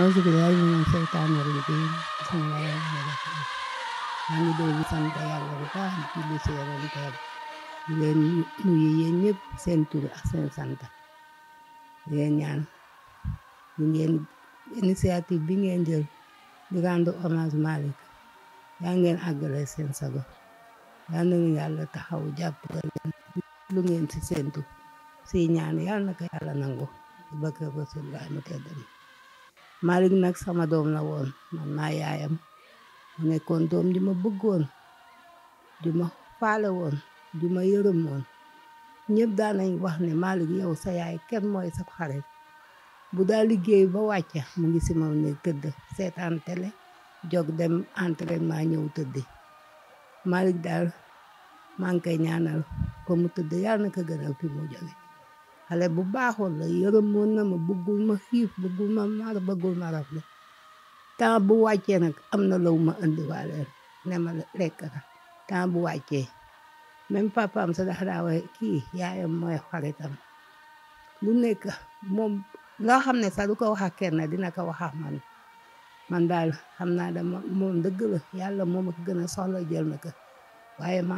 auzu billahi mina seytaani rajiim bismillaahi maa ngi doon di sant yàlla kan? bu baax di julli ci yonent bi di leen nuyu yéen ñëpp seen tur ak seen sant di leen ñaan di ngeen initiative bi ngeen jël di kan rendre hommage Malick yaa ngeen àggale seen sago yal na yàlla taxaw jàppale Malick nag sama doom la woon man maa yaayam mu nekkoon doom di ma bëggoon di ma faale woon di ma yërëm woon ñëpp daan nañ wax ne Malick yew sa yaay kenn mooy sa xarit bu daa liggéey ba wàcce mu ngi si moom ne tëdd seetaan jog dem entraînement ñëw tëddi Malick daal maa ngi koy ñaanal ko mu tëdd yàlla na ko gënal fi mu jóge xale bu baaxoon la yërëmoon na ma bëggul ma xiif bëggul ma mar bëggul ma rafle temps bu wàccee nag am na law ma indiwaaleel ne ma lekk la temps bu wàccee même papaam sa dafa daa waxe kii yaayam mooy xaritam lu nekk moom loo xam ne sax du ko wax ak dina ko wax ak man man daal xam naa dama moom dëgg la yàlla moom a ko gën a soxla jël na ko waaye ma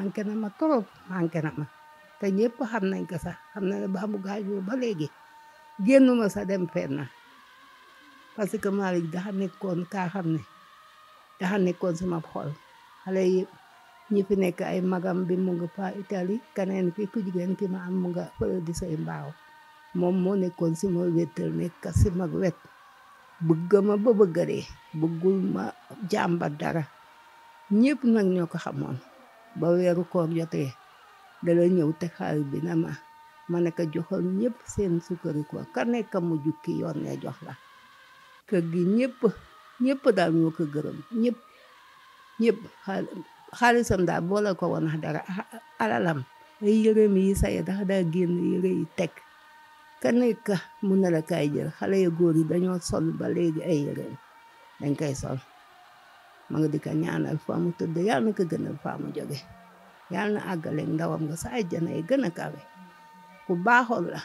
trop manqué na ma te ñëpp xam nañ ko sax xam na ne ba mu gaañoo ba léegi génnuma sa dem fenn parce que Malick daxa nekkoon kaa xam ne daxa nekkoon sama xol xale yi ñi fi nekk ay magam bi mu nga pa Italie keneen ki ku jigéen ki ma am mu nga fële di say mbaaw moom moo nekkoon si ma wéttal nekk si mag wet bëgg ma ba bëgg dee bëggul ma jàmbat dara ñëpp nag ñoo ko xamoon ba weeru koor jotee dala ñëw te xaalis bi na ma ma ne ko joxal ñëpp seen sukkari ko ka mu jukki yoon ne jox la kër gi ñëpp ñëpp daal ñu ko gërëm ñëpp ñëpp xaalisam daal boole ko woon dara alalam ay yërëm yi saye dax daa génn yëre yi teg ka nekk mun na la kaay ya góor yi dañoo sol ba léegi ay yërëm dañ koy sol ma nga di ko ñaanal faamu tëdd yàlla na ko gënal faamu jóge yàlla na àggaleeg ndawam nga sa àjjana yi gën a kawe ku baaxoon la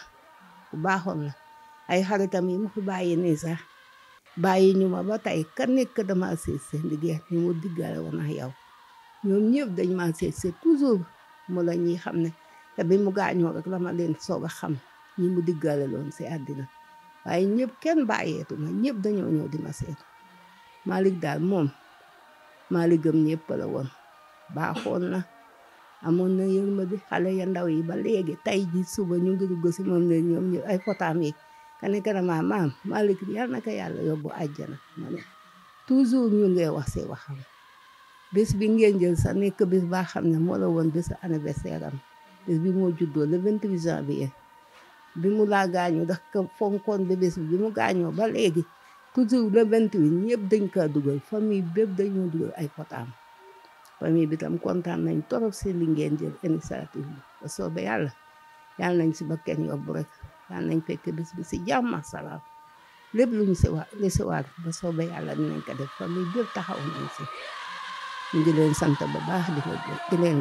ku baaxoon la ay xaritam yi mu fi bàyyi nii sax bàyyi ñu ma ba tey ka nekk dama seet seen liggéey ñu mu diggale woon ak yow ñoom ñëpp dañ ma seet seet toujours mu la ñuy xam ne te bi mu gaañoo rek la ma leen soog a xam ñi mu diggale loon si àddina waaye ñëpp kenn bàyyeetu ma ñëpp dañoo ñëw di ma seet Malick daal moom Malick gëm ñëpp la woon baaxoon na amoon na yërmande xale ya ndaw yi ba léegi tey ji suba ñu ngi dugg si moom ne ñoom ñu ay fotaam yi ka ne ka ma maam Malick yal na ko yàlla yóbbu àjjana ma ne toujours ñu ngi wax si waxam bés bi ngeen jël sax nekk bés baa xam ne moo la woon bés anniversaire am bés bi moo juddoo le 28 janvier bi mu laa gaañoo daf ko fonkoon ba bés bi mu gaañoo ba léegi toujours le 28 ñëpp dañ ka dugal famille bépp dañoo dugal ay fotaam famille bitam kontaan nañ torop si li ngeen jël initiative bi ba soobee yàlla yàlla nañ si bakken yóbbu rek yàlla nañ fekk bis bi si jàmm ak lépp lu si waa li si ba soobee yàlla dinañ ko def famille bi taxaw si ñu ngi santa sant bu baax di leen